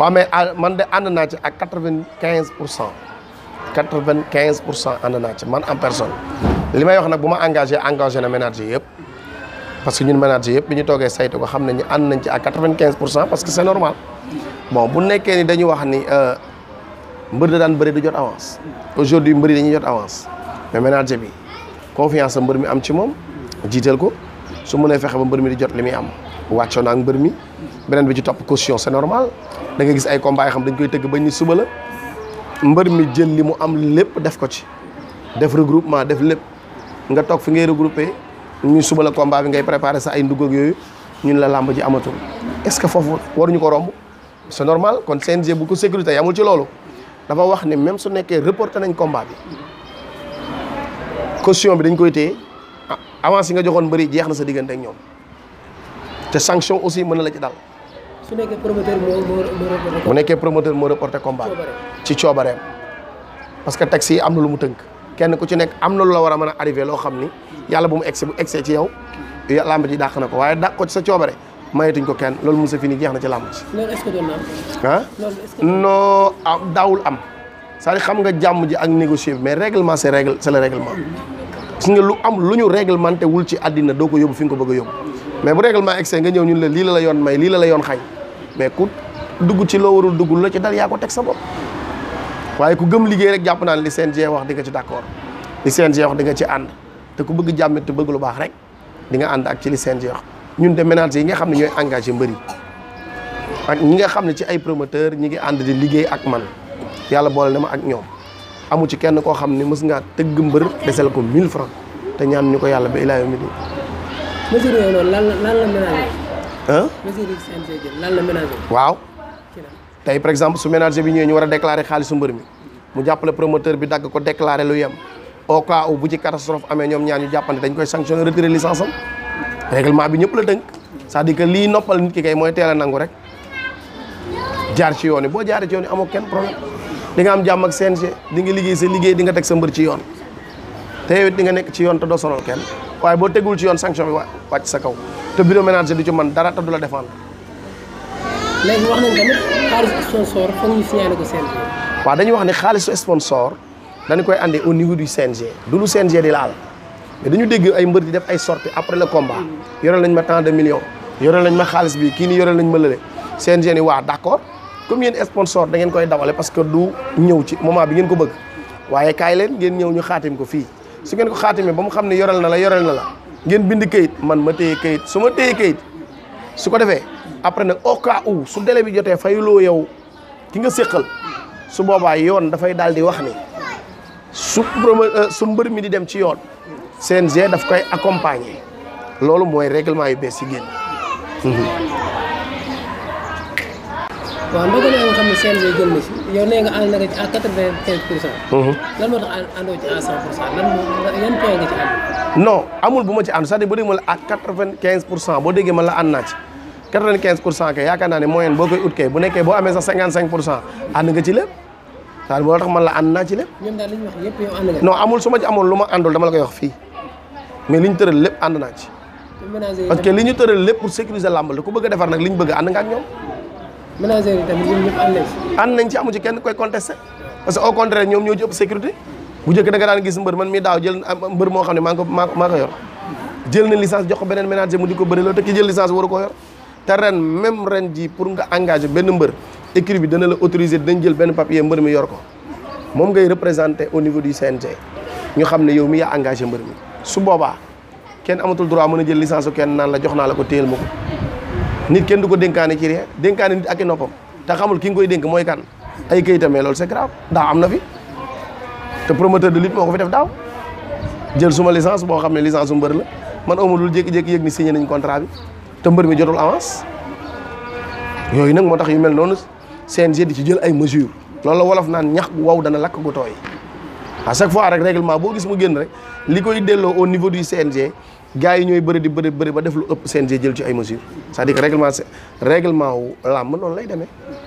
waa mais man de ànd naa ci ak quatre-vingt-quinze pour cent quatre-vingt-quinze pour cent ànd man en personne li may wax nag bu ma engagé engagé na ménager yëpp parce que ñun ménager yëpp bi ñu toogee saytu ko xam nañu ànd nañ ci a quatre-vingt-quinze pour cent parce que c'est normal bon bu nekkee ni dañu wax ni euh, mbër da daan bëri du jot avance aujourd'hui mbëri dañu dañuy jot avance mais ménager bi confiance mbër mi am ci moom jiital ko su mënee fexe ba mbër mi di jot li muy am wàccoo naa mbër mi beneen bi ci topp caution c'est normal dangay gis ay combat yoo xam dañ koy tëgg bañ ni suba la mbër mi jël li mu am lépp def ko ci def regroupement def lépp nga toog fi ngay regroupé ñu suba la combat bi ngay préparer sa ay ndugg ak yooyu ñun la làmb ji amatul est-ce que foofu waruñu ko romb c'est normal kon CNG bu ko sécurité amul ci loolu dafa wax ni même su nekkee reporter nañ combat bi caution bi dañ koy téye ah, avance nga joxoon mbëri jeex na sa diggante ak ñoom te sanction aussi mën na la ci dal su nekkee promoteur moo moo bu nekkee promoteur moo reporté combat ci coobareem parce que taxi yi am na lu mu tënk kenn ku ci nekk am na lu la war a mën a arrivé loo xam ni yàlla bu mu egsi bu egsee ci yow làmb ji dàq na ko waaye dàq ko ci sa coobare mayetuñ ko kenn loolu mu Moussa Fini jeex na ci làmb ji. loolu am. non ah, daawul am cest à xam nga jàmm ji ak négocier mais règlement c'est règle c'est le règlement. nga lu am lu ñu réglementé wul ci àddina doo ko yóbbu fi nga ko bëgg a yóbbu. mais bu règlement excès nga ñëw ñun la lii la la yoon may lii la la yoon xañ mais ku dugg ci loo warul dugg la ci dal yaa ko teg sa bopp waaye ku gëm liggéey rek jàpp naa ne li CNG wax di nga ci d'accord li CNG wax di nga ci ànd te ku bëgg jàmm te bëgg lu baax rek di nga ànd ak ci li CNG wax ñun de ménages yi nga xam ne ñooy engagé mbër yi ak ñi nga xam ne ci ay promoteur ñi ngi ànd di liggéey ak man yàlla boole na ma ak ñoom amu ci kenn koo xam ne mës ngaa tëgg desel ko 1000 francs te ñaan ñu ko yàlla ba ilaa yawmi lan lan lan la ménager. waaw tey par exemple su ménager bi ñëwee ñu war a déclarer xaalisu mbër mi mu jàppale promoteur bi dagg ko déclarer lu yem au cas où bu ci catastrophe amee ñoom ñaar ñu jàppante dañ koy sanctionné retirer licence am règlement bi ñëpp la dënk c'est-à-dire lii noppal nit ki kay mooy teel a nangu rek jaar ci yoon yi boo jaaree ci yoon yi amoo kenn problème di am jàmm ak CNG di nga liggéey sa liggéey di nga teg sa mbër ci yoon. te yow it nga nekk ci yoon te doo sonal kenn waaye boo tegul ci yoon sanction bi wàcc sa kaw te bureau ménager du ci mën dara te la défendre. léegi dañuy wax ne xaalisu sponsor dañu koy andi au niveau du CNG du lu CNG di laal mais dégg ay mbër di def ay sorties après le combat yoreel nañ ma tant de millions yoreel nañ ma xaalis bi kii nii yoreel nañ ma lële CNG ni waa d'accord. comme yéen sponsor da ngeen koy dawale parce que du ñëw ci moment bi ngeen ko bëgg waaye kaay leen ngeen ñëw ñu xaatim ko fii su ngeen ko xaatimee ba mu xam ne yorel na la yorel na la ngeen bind kayit man ma téye kayit su ma téye kayit su ko defee après nag au cas où su délai bi jotee fayuloo yow ki nga séqal su boobaa yoon dafay daal di wax ni su euh, su mbër mi di dem ci yoon CNG daf koy accompagner loolu mooy règlement yu bees yi génn waaw ndogal yaa nga xam ne CNG jël na si yow nee pour cent. Mhm. lan moo tax àndoo ci à cent pour cent lan yan point nga non amul bu ma ci ànd cest boo déggee man la ànd naa ci quatre-vingt-quinze boo koy ut kay boo amee sax cinquante-cinq pour cent ànd nga ci lépp. daal moo tax man la ànd naa ci lépp. ñoom daal li ñu wax non amul su ma ci amoon lu ma àndul dama la koy wax fii mais li ñu tëral lépp ànd naa ci. parce que lépp pour sécuriser làmb la ku bëgg defar nag li ñu bëgg ànd ñoom ménagères yi tamit ñoom nañ ci. ànd nañ amu ci kenn koy contesté parce que au contraire ñoom ñoo ci ëpp sécurité bu njëkk da nga daan gis mbër man mii daaw jël mbër moo xam ne maa ngi ko maa ko yor jël na licence jox beneen ménager mu di ko bëri loolu te ki jël licence waru ko yor te ren même ren ji pour nga engagé benn mbër écrit bi dana la autoriser dañ jël benn papier mbër mi yor ko moom ngay représenté au niveau du CNG ñu xam ne yow mi yaa engagé mbër mi su boobaa kenn amatul droit mën a jël licence su kenn naan la jox naa ko téyel ma nit kenn du ko dénkaane ci rien dénkaane nit ak i noppam te xamul ki nga koy dénk mooy kan ay kayitamee loolu c'est grave daaw am na fi te promoteur de lutte moo ko fi def daaw jël suma licence boo xam ne licence su mbër la man amul lu jékki-jékki yëg ni signé nañ contrat bi te mbër mi jotul avance yooyu nag moo tax yu mel noonu CNG di ci jël ay mesures loolu la wolof naan ñax bu waw dana lakk gu tooy. à chaque fois rek règlement boo gis mu génn rek li koy delloo au niveau du CNG gars yi ñooy bëri di bëri bëri ba def lu ëpp CNG jël ci ay mesures c'est-à-dire que règlement règlement wu làmb noonu lay demee